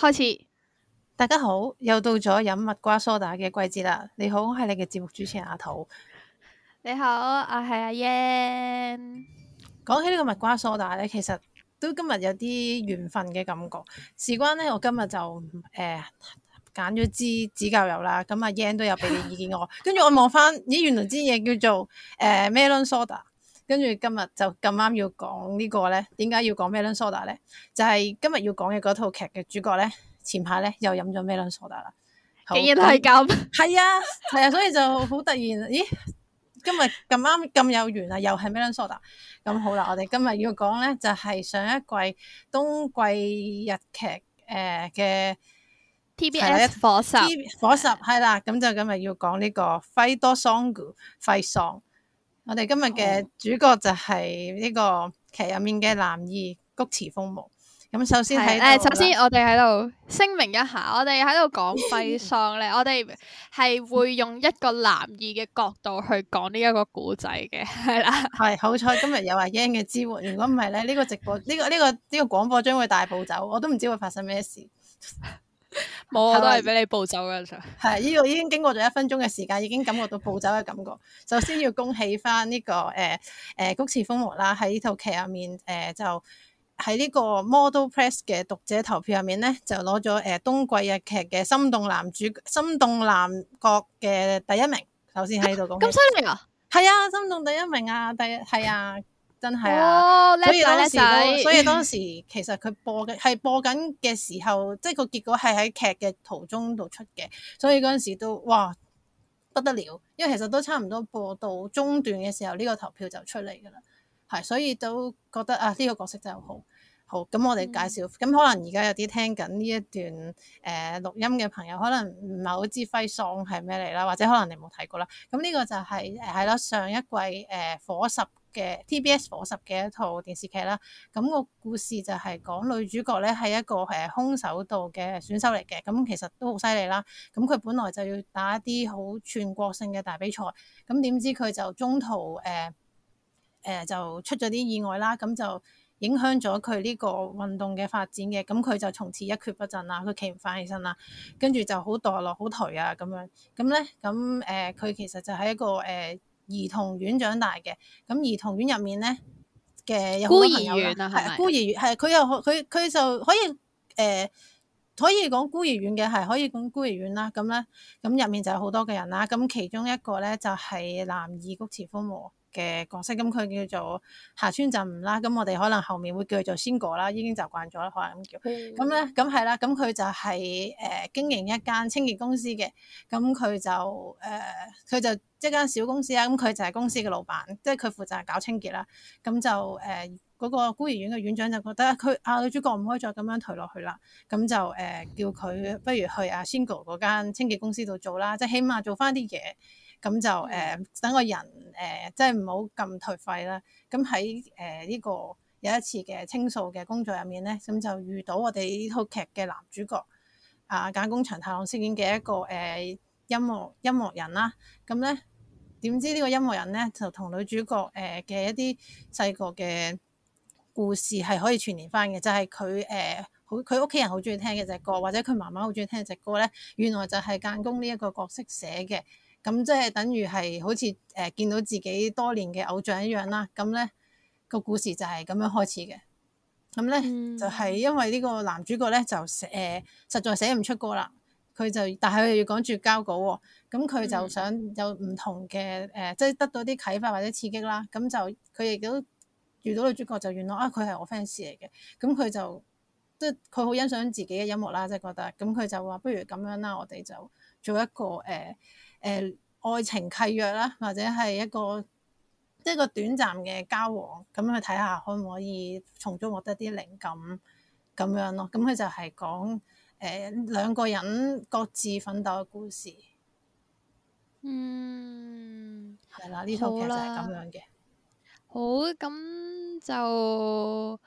開始，大家好，又到咗飲蜜瓜梳打嘅季節啦。你好，我係你嘅節目主持人阿桃。你好，我係阿 Yan。講起呢個蜜瓜梳打呢，其實都今日有啲緣分嘅感覺。事關呢，我今日就誒揀咗支指甲油啦。咁阿 Yan 都有俾你意見我，跟住 我望翻，咦，原來支嘢叫做誒 melon 梳打。跟住今日就咁啱要講呢個咧，點解要講 melon soda 咧？就係今日要講嘅嗰套劇嘅主角咧，前排咧又飲咗 melon soda 啦。竟然係咁，係啊，係啊，所以就好突然，咦？今日咁啱咁有緣啊，又係 melon soda。咁好啦，我哋今日要講咧就係上一季冬季日劇誒嘅 TBS 火十火十係啦。咁就今日要講呢個《FIGHT SONG》《FIGHT SONG》。我哋今日嘅主角就係呢個劇入面嘅男二菊池風磨。咁首先喺誒，首先，首先我哋喺度聲明一下， 我哋喺度講悲喪咧，我哋係會用一個男二嘅角度去講呢一個古仔嘅，係啦，係 好彩今日有阿 Yan 嘅支援，如果唔係咧，呢個直播呢、呢個呢、呢個呢、呢個廣播將會大步走，我都唔知會發生咩事。 冇我都係俾你暴走嘅咋，係呢、這個已經經過咗一分鐘嘅時間，已經感覺到暴走嘅感覺。 首先要恭喜翻、這、呢個誒誒《菊、呃、池、呃、風磨》啦，喺呢套劇入面誒、呃、就喺呢個 Model Press 嘅讀者投票入面咧，就攞咗誒冬季日劇嘅心動男主、心動男角嘅第一名。首先喺度講咁，第一、啊、名啊，係啊，心動第一名啊，第係啊。真係啊，哦、所以當時明都，所以當時其實佢播嘅係播緊嘅時候，即係個結果係喺劇嘅途中度出嘅，所以嗰陣時都哇不得了，因為其實都差唔多播到中段嘅時候，呢、呢個投票就出嚟㗎啦，係，所以都覺得啊呢、呢個角色真係好好。咁我哋介紹，咁、嗯、可能而家有啲聽緊呢一段誒、呃、錄音嘅朋友，可能唔係好知 Fight Song 係咩嚟啦，或者可能你冇睇過啦。咁呢個就係誒係咯，上一季誒、呃、火十。嘅 TBS 火十嘅一套電視劇啦，咁、那個故事就係講女主角咧係一個誒空手道嘅選手嚟嘅，咁其實都好犀利啦。咁佢本來就要打一啲好全國性嘅大比賽，咁點知佢就中途誒誒、呃呃、就出咗啲意外啦，咁就影響咗佢呢個運動嘅發展嘅，咁佢就從此一蹶不振啦，佢企唔返起身啦，跟住就好墮落，好頹啊咁樣。咁咧，咁誒佢其實就係一個誒。呃兒童院長大嘅，咁兒童院入面咧嘅有啦孤兒院啊，係、啊啊、孤兒院係佢、啊、又佢佢就可以誒、呃，可以講孤兒院嘅係、啊、可以講孤兒院啦，咁咧咁入面就有好多嘅人啦，咁其中一個咧就係、是、南二谷慈風和。嘅角色，咁佢叫做夏川慎吾啦，咁我哋可能後面會叫佢做仙果啦，已經就習慣咗啦，可能咁叫。咁咧、嗯，咁係啦，咁佢、啊、就係誒經營一間清潔公司嘅，咁佢就誒佢就即間小公司啦，咁佢就係公司嘅老闆，即係佢負責搞清潔啦。咁就誒嗰、呃那個孤兒院嘅院長就覺得佢啊女主角唔可以再咁樣頹落去啦，咁就誒、呃、叫佢不如去啊仙果嗰間清潔公司度做啦，即、就、係、是、起碼做翻啲嘢。咁就誒、呃、等個人誒，即係唔好咁頹廢啦。咁喺誒呢個有一次嘅清掃嘅工作入面咧，咁就遇到我哋呢套劇嘅男主角啊，間宮長太郎飾演嘅一個誒、呃、音樂音樂人啦、啊。咁咧點知呢個音樂人咧就同女主角誒嘅、呃、一啲細個嘅故事係可以串聯翻嘅，就係佢誒好佢屋企人好中意聽嘅隻歌，或者佢媽媽好中意聽嘅隻歌咧，原來就係間宮呢一個角色寫嘅。咁即係等於係好似誒、呃、見到自己多年嘅偶像一樣啦。咁咧，呢個故事就係咁樣開始嘅。咁咧、嗯、就係因為呢個男主角咧就誒、呃、實在寫唔出歌啦，佢就但係佢要趕住交稿喎、哦。咁佢就想有唔同嘅誒、呃，即係得到啲啟發或者刺激啦。咁就佢亦都遇到女主角就原啊來啊佢係我 fans 嚟嘅。咁佢就即係佢好欣賞自己嘅音樂啦，即係覺得咁佢就話不如咁樣啦，我哋就做一個誒。呃誒、呃，愛情契約啦，或者係一個即係一個短暫嘅交往，咁去睇下可唔可以從中獲得啲靈感，咁樣咯。咁佢就係講誒兩個人各自奮鬥嘅故事。嗯，係啦，呢套劇就係咁樣嘅。好，咁就。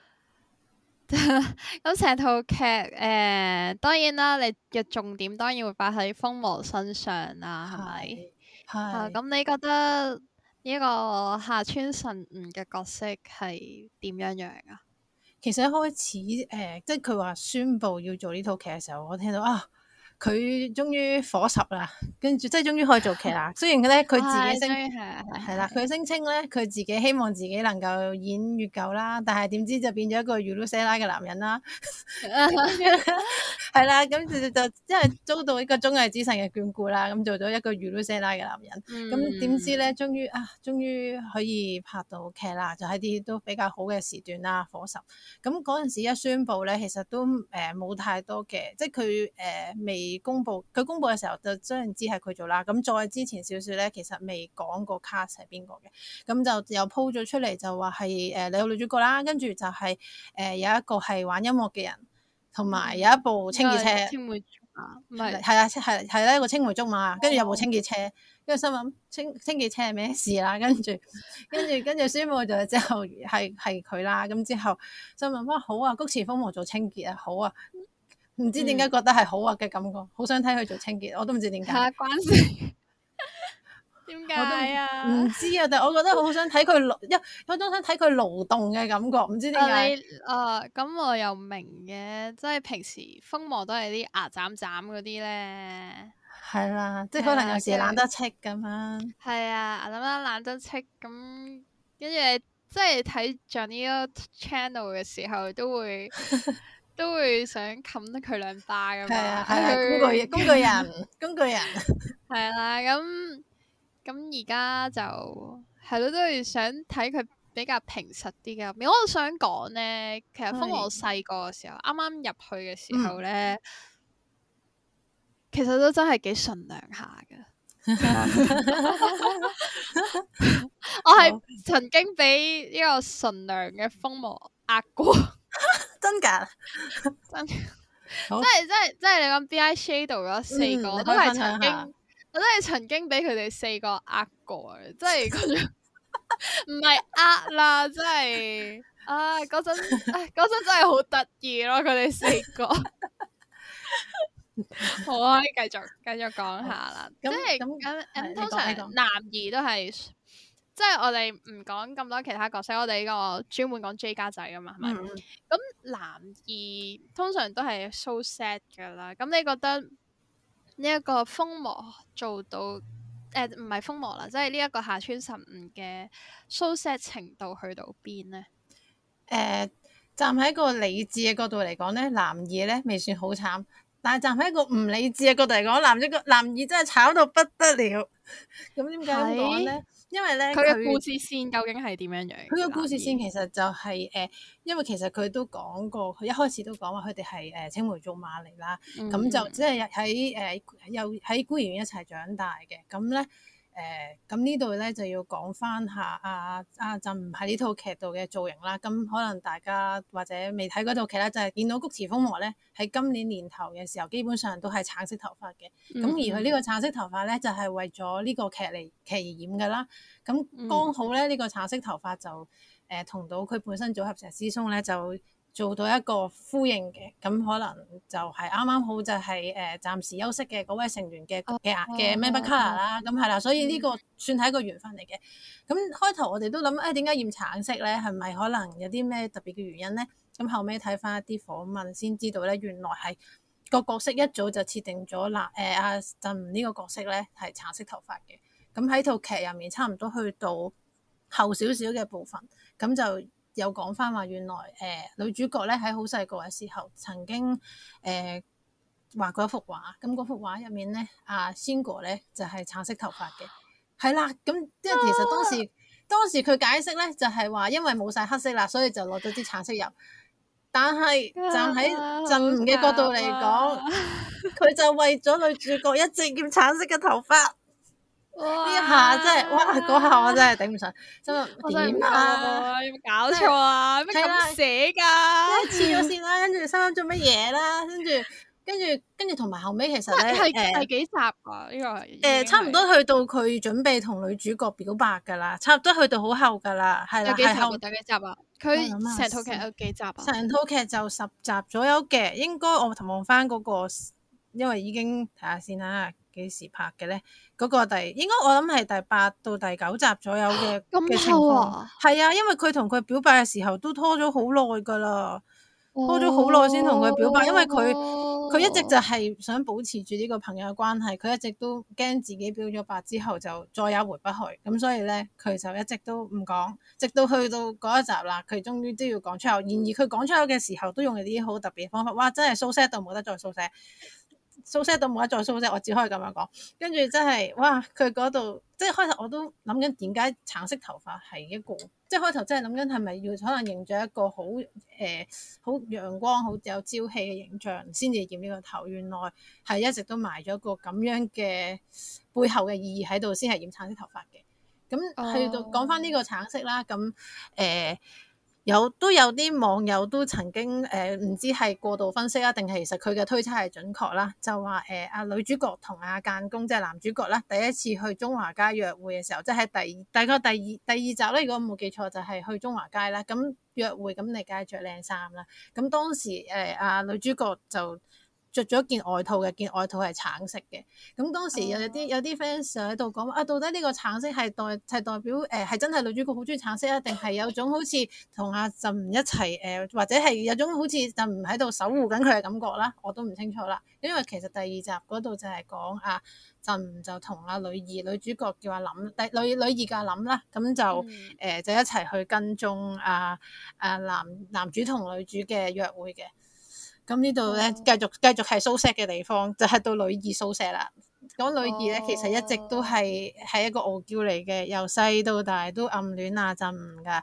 咁成、 嗯、套劇誒、呃，當然啦，你嘅重點當然會擺喺風磨身上啦，係咪係？咁你覺得呢個夏川慎吾嘅角色係點樣樣啊？其實一開始誒，即係佢話宣布要做呢套劇嘅時候，我聽到啊。佢終於火十啦，跟住即係終於可以做劇啦。雖然咧，佢自己聲稱啦，佢聲稱咧，佢、 啊、自己希望自己能夠演月九啦，但係點知就變咗一個魚佬蛇奶嘅男人啦。係 啦， 咁就即係遭到一個綜藝之神嘅眷顧啦。咁做咗一個魚佬蛇奶嘅男人，咁點、嗯、知咧，終於啊，終於可以拍到劇啦，就喺、是、啲都比較好嘅時段啦，火十。咁嗰陣時一宣布咧，其實都誒冇太多嘅，即係佢誒未。公布佢公布嘅時候就雖然知係佢做啦，咁再之前少少咧，其實未講過卡士係邊個嘅，咁就又 po 咗出嚟就話係誒你好女主角啦，跟住就係誒有一個係玩音樂嘅人，同埋有，有一部清潔車，青、嗯、梅啊，係係係一個青梅竹馬，跟住有部清潔車，跟住心諗清清潔車係咩事啦、啊，跟住跟住跟住宣布就就係係佢啦，咁之後就問翻好啊，菊池風磨做清潔啊，好啊。唔知點解覺得係好惡嘅感覺，好、嗯、想睇佢做清潔，我都唔知點解。下關事，點 解 啊？唔知啊，但係我覺得好想睇佢勞一， 我都想睇佢勞動嘅感覺，唔知點解、啊。啊，咁我又唔明嘅，即係平時風磨都係啲牙斬斬嗰啲咧。係啦、啊，即係可能有時懶得戚咁樣。係啊，啊啦啦，懶得戚咁，跟住即係睇 Jenny 嘅 channel 嘅時候都會。 都會想冚得佢兩巴咁樣，工具的他工具人， 工具人係啦。咁咁而家就係咯，都係想睇佢比較平實啲嘅面。我都想講咧，其實風磨細個嘅時候，啱啱入去嘅時候咧，嗯、其實都真係幾純良下嘅。 我係曾經俾呢個純良嘅風磨壓過。真噶，真，真係真係真係你講 B I Shadow 嗰四個，都係曾經，我都係曾經俾佢哋四個呃過嘅。即係唔係呃啦，真係，唉，嗰陣，唉，嗰陣真係好得意咯，佢哋四個，好，啊，可以繼續繼續講下啦，即係咁咁，通常男兒都係。即係我哋唔講咁多其他角色，我哋呢個專門講 J 家仔啊嘛，係咪？咁、嗯、男二通常都係 so sad 噶啦。咁你覺得呢一個風磨做到誒，唔係風磨啦，即係呢一個夏川慎吾嘅 so sad 程度去到邊呢？誒、呃，站喺一個理智嘅角度嚟講咧，男二咧未算好慘，但係站喺一個唔理智嘅角度嚟講，男一、男二真係慘到不得了。咁點解咁講咧？因為咧，佢嘅故事線究竟係點樣樣？佢嘅故事線其實就係、是、誒，嗯、因為其實佢都講過，佢一開始都講話佢哋係誒青梅竹馬嚟啦，咁、嗯、就即係喺誒又喺孤兒院一齊長大嘅，咁咧。誒，咁、呃嗯、呢度咧就要講翻下啊啊，就唔係呢套劇度嘅造型啦。咁、嗯嗯、可能大家或者未睇嗰套劇啦，就係、是、見到菊池風磨咧，喺今年年頭嘅時候，基本上都係橙色頭髮嘅。咁、嗯、而佢呢個橙色頭髮咧，就係、是、為咗呢個劇嚟劇而染嘅啦。咁、嗯嗯、剛好咧，呢、這個橙色頭髮就誒、呃、同到佢本身組合 Sexy Zone 咧就。做到一個呼應嘅，咁可能就係啱啱好就係誒暫時休息嘅嗰位成員嘅嘅顏嘅 member colour 啦，咁係啦，所以呢個算係一個緣分嚟嘅。咁開頭我哋都諗，誒點解染橙色咧？係咪可能有啲咩特別嘅原因咧？咁後尾睇翻一啲訪問先知道咧，原來係個角色一早就設定咗啦。誒阿振呢個角色咧係橙色頭髮嘅，咁喺套劇入面差唔多去到後少少嘅部分，咁就。有講翻話原來誒、呃、女主角咧喺好細個嘅時候曾經誒、呃、畫過一幅畫，咁嗰幅畫入面咧，阿慎吾咧就係、是、橙色頭髮嘅，係啦， 咁即係其實當時當時佢解釋咧就係話因為冇晒黑色啦，所以就落咗啲橙色油，但係站喺慎吾嘅角度嚟講，佢 就為咗女主角一直染橙色嘅頭髮。哇！呢下真係，哇！嗰下我真係頂唔順，真係點啊？有冇、啊、搞錯啊？咩咁寫噶？黐咗線啦，跟住心諗做乜嘢啦？跟住，跟住，跟住同埋後尾其實咧，係、呃、幾集啊？呢個係誒，差唔多去到佢準備同女主角表白噶啦，差唔多去到好後噶啦，係啦，幾集，有第幾集、啊？第幾集啊？佢成套劇有幾集？啊？成套劇就十集左右嘅，應該我同望翻嗰個，因為已經睇下先啦。幾時拍嘅呢？嗰、嗰個第，應該我諗係第八到第九集左右嘅情況。咁多啊！係啊，因為佢同佢表白嘅時候都拖咗好耐噶啦，拖咗好耐先同佢表白，哦、因為佢佢、哦、一直就係想保持住呢個朋友嘅關係，佢一直都驚自己表咗白之後就再也回不去，咁所以呢，佢就一直都唔講，直到去到嗰一集啦，佢終於都要講出口。然而佢講出口嘅時候都用啲好特別嘅方法，哇！真係蘇寫到冇得再蘇寫。蘇醒都冇得再蘇醒，我只可以咁樣講。跟住真係，哇！佢嗰度即係開頭我都諗緊，點解橙色頭髮係一個，即係開頭真係諗緊係咪要可能營造一個好誒好陽光、好有朝氣嘅形象，先至染呢個頭。原來係一直都埋咗個咁樣嘅背後嘅意義喺度，先係染橙色頭髮嘅。咁去到講翻呢個橙色啦，咁誒。呃有都有啲網友都曾經誒唔、呃、知係過度分析啦，定係其實佢嘅推測係準確啦，就話誒阿女主角同阿間公即係、就是、男主角啦，第一次去中華街約會嘅時候，即、就、係、是、第大概第二第二集咧，如果我冇記錯就係、是、去中華街啦，咁約會咁你梗係着靚衫啦，咁當，當時誒阿、呃、女主角就。着咗件外套嘅，件外套係橙色嘅。咁當時又有啲有啲 fans 就喺度講啊，到底呢個橙色係代係代表誒係、呃、真係女主角好中意橙色啊，定係有種好似同阿慎吾一齊誒、呃，或者係有種好似慎吾喺度守護緊佢嘅感覺啦？我都唔清楚啦。因為其實第二集嗰度就係講啊，慎吾就同阿女二女主角叫阿林，第女女二叫阿林啦，咁、啊、就誒、嗯呃、就一齊去跟蹤啊啊男男主同女主嘅約會嘅。咁呢度咧，繼續繼續係宿舍嘅地方，就係、是、到女二宿舍啦。講女二咧，哦、其實一直都係係一個傲嬌嚟嘅，由細到大都暗戀阿慎吾㗎。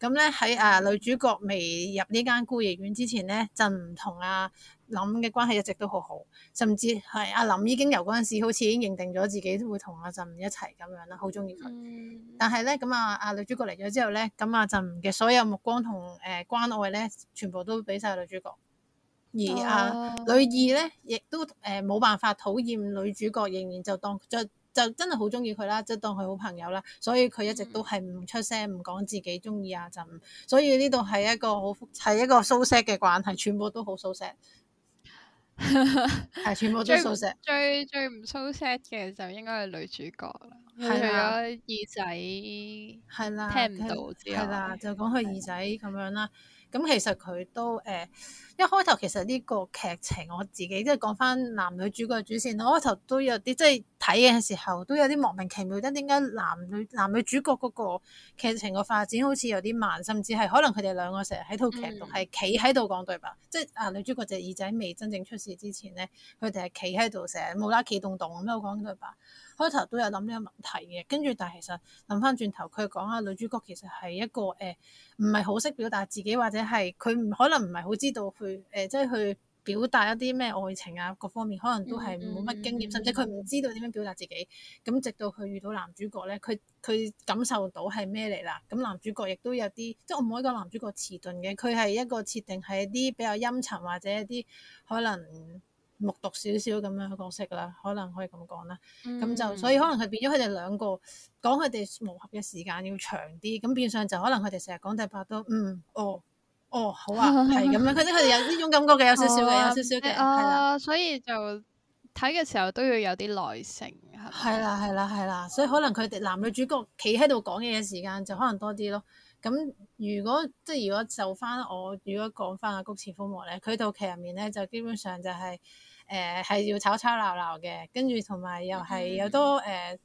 咁咧喺誒女主角未入呢間孤兒院之前咧，慎吾同阿林嘅關係一直都好好，甚至係阿、啊、林已經由嗰陣時好似已經認定咗自己會同阿慎吾一齊咁樣啦，好中意佢。嗯、但係咧，咁啊，阿女主角嚟咗之後咧，咁阿慎吾嘅所有目光同誒關愛咧，全部都俾晒女主角。而啊，女二咧，亦都誒冇辦法討厭女主角，仍然就當就就真係好中意佢啦，即當佢好朋友啦，所以佢一直都係唔出聲，唔講自己中意阿慎，所以呢度係一個好係一個 so 嘅關係，全部都好 so s 係全部都 so 最最唔 so 嘅就應該係女主角啦，除咗耳仔，係啦，聽唔到，到，係啦，啦就講佢耳仔咁樣啦。對 咁其實佢都誒一開頭其實呢個劇情我自己即係講翻男女主角嘅主線，我開頭都有啲即係睇嘅時候都有啲莫名其妙，即係點解男女男女主角嗰個劇情嘅發展好似有啲慢，甚至係可能佢哋兩個成日喺套劇度係企喺度講對白，即係啊女主角隻耳仔未真正出事之前咧，佢哋係企喺度成日冇啦啦企動動咁樣講對白。開頭都有諗呢個問題嘅，跟住但係其實諗翻轉頭，佢講下女主角其實係一個誒，唔係好識表達自己，或者係佢可能唔係好知道去誒，即係去表達一啲咩愛情啊各方面，可能都係冇乜經驗，甚至佢唔知道點樣表達自己。咁直到佢遇到男主角咧，佢佢感受到係咩嚟啦？咁男主角亦都有啲，即係我唔可以講男主角遲鈍嘅，佢係一個設定係一啲比較陰沉或者一啲可能。目讀少少咁樣嘅角色啦，可能可以咁講啦。咁、嗯、就所以可能佢變咗佢哋兩個講佢哋磨合嘅時間要長啲，咁變相就可能佢哋成日講第八都嗯哦哦好啊，係咁 樣。佢啲佢哋有呢種感覺嘅，有少少嘅，有少少嘅係啦。所以就睇嘅時候都要有啲耐性係啦係啦係啦，所以可能佢哋男女主角企喺度講嘢嘅時間就可能多啲咯。咁如果即係、就是、如果就翻我如果講翻阿菊池風磨咧，佢套劇入面咧就基本上就係、就、是誒係、呃、要吵吵鬧鬧嘅，跟住同埋又係有多誒、呃、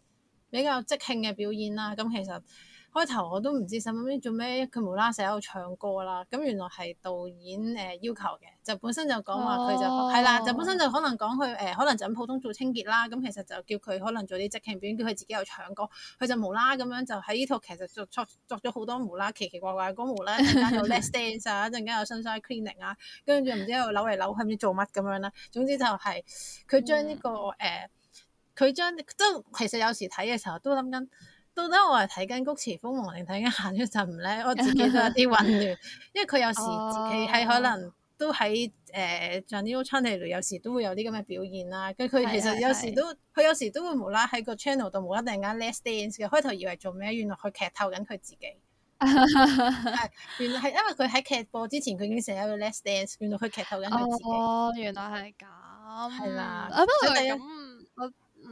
比較即興嘅表演啦，咁、嗯、其實～開頭我都唔知，使乜做咩？佢無啦啦成日喺度唱歌啦。咁原來係導演誒要求嘅，就本身就講話佢就係啦、oh.，就本身就可能講佢誒，可能就咁普通做清潔啦。咁其實就叫佢可能做啲即興表演，叫佢自己有唱歌，佢就無啦咁樣就喺呢套其實作作咗好多無啦奇奇怪怪嗰、那個、無啦啦，一陣間有 Let's Dance 一陣間有 Sunshine Cleaning 啊，跟住唔知喺度扭嚟扭去唔知做乜咁樣啦。總之就係佢將呢個誒，佢將即其實有時睇嘅時候都諗緊。到底我係睇緊菊池風磨，睇緊夏川慎吾咧？我自己都有啲混亂， 因為佢有時自己喺可能都喺誒在呢個、呃、Johnny's channel 有時都會有啲咁嘅表現啦。跟佢其實有時都，佢有時都會無啦喺個 channel 度無啦突然間 less dance 嘅，開頭以為做咩，原來佢劇透緊佢自己。 原來係因為佢喺劇播之前，佢已經成日個 less dance，原來佢劇透緊佢自己。哦，哦，原來係咁。係啦。 不過係。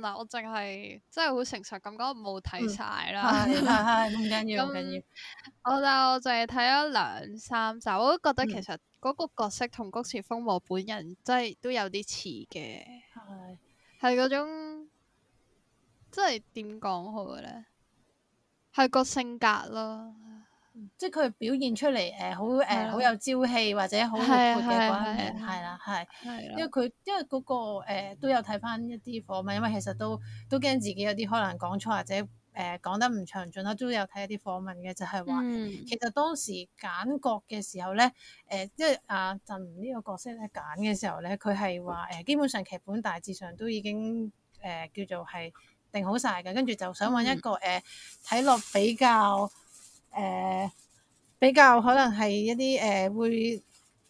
嗱， 我淨係真係好誠實咁講，冇睇晒啦，唔緊要，唔緊要。我就淨係睇咗兩三集，我都覺得其實嗰個角色同菊池風磨本人真、哎呀，真係都有啲似嘅，係，係嗰種，即係點講好嘅咧？係個性格咯。即係佢表現出嚟，誒，好、呃、誒，好、呃、有朝氣或者好活潑嘅嗰一面，係啦的，係。係的因為佢因為嗰、那個誒、呃、都有睇翻一啲訪問，因為其實都都驚自己有啲可能講錯或者誒講、呃、得唔詳盡啦，都有睇一啲訪問嘅，就係、是、話，其實當時揀角嘅時候咧，誒、呃，即係阿慎吾呢個角色咧揀嘅時候咧，佢係話誒，基本上劇本大致上都已經誒、呃、叫做係定好晒嘅，跟住就想揾一個誒睇落比較。誒、呃、比較可能係一啲誒、呃、會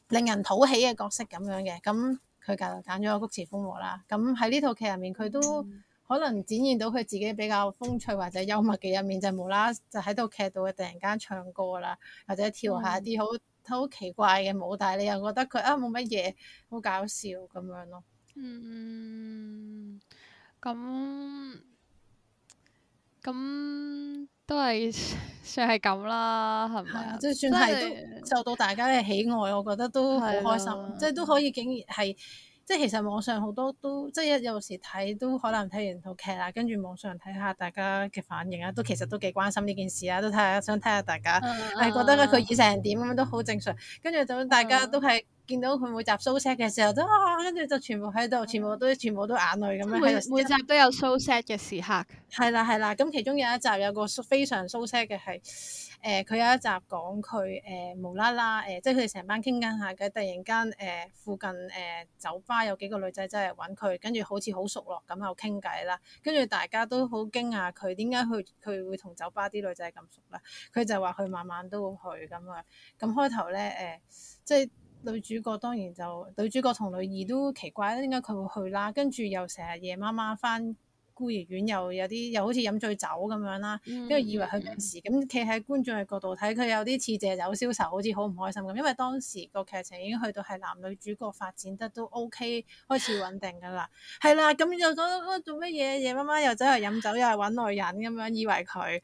令人討喜嘅角色咁樣嘅，咁佢就揀咗《菊池風磨》啦。咁喺呢套劇入面，佢都可能展現到佢自己比較風趣或者幽默嘅一面，嗯、就冇啦就喺套劇度突然間唱歌啦，或者跳下啲好好奇怪嘅舞，嗯、但係你又覺得佢啊冇乜嘢，好搞笑咁樣咯、嗯。嗯，咁、嗯，咁、嗯。嗯嗯都係算係咁啦，係咪啊？即係算係、就是、受到大家嘅喜愛，我覺得都好開心。的即係都可以竟然係，即係其實網上好多都，即係一有時睇都可能睇完套劇啊，跟住網上睇下大家嘅反應啊，都其實都幾關心呢件事啊，都睇下想睇下大家係、uh uh. 覺得佢已成點咁樣都好正常。跟住就大家都係。Uh uh. 見到佢每集 so sad 嘅時候，啊，都跟住就全部喺度，全部都，全部都眼淚咁樣。每集都有 so sad 嘅時刻。係啦係啦，咁 Sí 其中有一集有個非常 so sad 嘅係，誒、呃、佢有一集講佢誒無啦啦誒，即係佢哋成班傾緊下嘅，突然間誒、呃、附近誒、呃、酒吧有幾個女仔即係揾佢，跟住好似好熟落咁又傾偈啦，跟住大家都好驚訝，佢點解佢佢會同酒吧啲女仔咁熟咧？佢就話佢晚晚都會去咁啊，咁開頭咧誒，即係。女主角當然就女主角同女二都奇怪，點解佢會去啦？跟住又成日夜媽媽返孤兒院，又有啲又好似飲醉酒咁樣啦，因為、mm hmm. 以為佢病時，咁企喺觀眾嘅角度睇，佢有啲似借酒消愁，好似好唔開心咁。因為當時個劇情已經去到係男女主角發展得都 OK，開始穩定㗎 啦。係啦，咁又嗰個做乜嘢？夜媽媽又走去飲酒，又係揾女人咁樣，以為佢。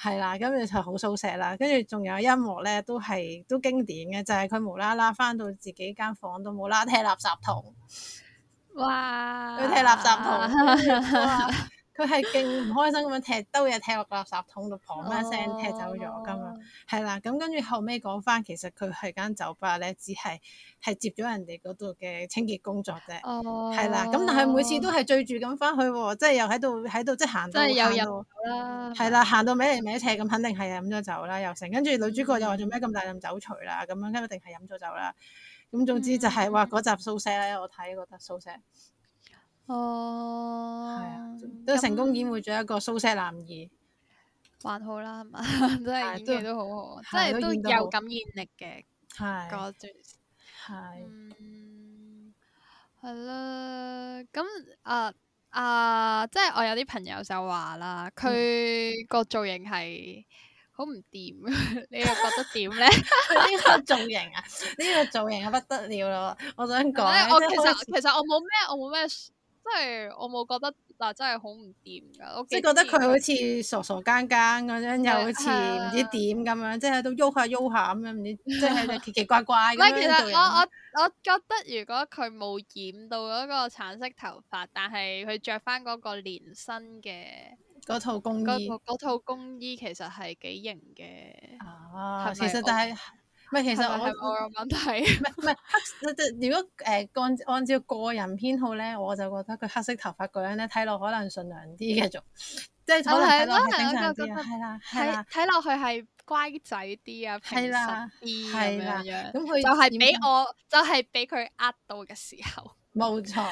係啦，跟住就好掃捨啦。跟住仲有一幕咧，都係都經典嘅，就係佢無啦啦翻到自己間房都冇啦，踢垃圾桶，哇！佢踢垃圾桶。佢係勁唔開心咁樣踢兜嘢，踢落個垃圾桶度，砰一聲踢走咗㗎嘛，係啦、oh.。咁跟住後尾講翻，其實佢係間酒吧咧，只係係接咗人哋嗰度嘅清潔工作啫。哦、oh.。係啦。咁但係每次都係醉住咁翻去喎，即係又喺度喺度即係行到。真係又又啦。係啦，行到歪嚟歪斜咁，肯定係飲咗酒啦，又剩。跟住女主角又話做咩咁大陣酒除啦，咁樣根本定係飲咗酒啦。咁總之就係話嗰集掃舍咧，我睇覺得掃舍。哦，係、uh, 啊，都成功演活咗一個蘇西男二、嗯，還好啦，係嘛，真係演技都好好，即係都有感染力嘅，係，係，係啦，咁啊啊，即、啊、係、就是、我有啲朋友就話啦，佢個造型係好唔掂， 你又覺得點咧？呢 個造型啊，呢、這個造型啊不得了咯，我想講、 啊，我其實 其實我冇咩，我冇咩。因為我冇覺得嗱、啊，真係好唔掂噶，我即係覺得佢好似傻傻更更咁樣，又好似唔知點咁樣，對即係喺度喐下喐下咁樣，唔知 即係奇奇怪怪嘅。喂，其實我我我覺得如果佢冇染到嗰個橙色頭髮，但係佢着翻嗰個連身嘅嗰套工衣，嗰套嗰套工衣其實係幾型嘅。啊，是是其實就係。唔係，其實我唔係唔係，黑係 如果誒按按照個人偏好咧，我就覺得佢黑色頭髮嗰樣咧睇落可能順良啲嘅種，就係、 即係睇落正常啲。係咁。係 啦，睇睇落去係乖仔啲啊，平順啲咁樣樣。咁佢就係俾我就係俾佢呃到嘅時候。冇 錯，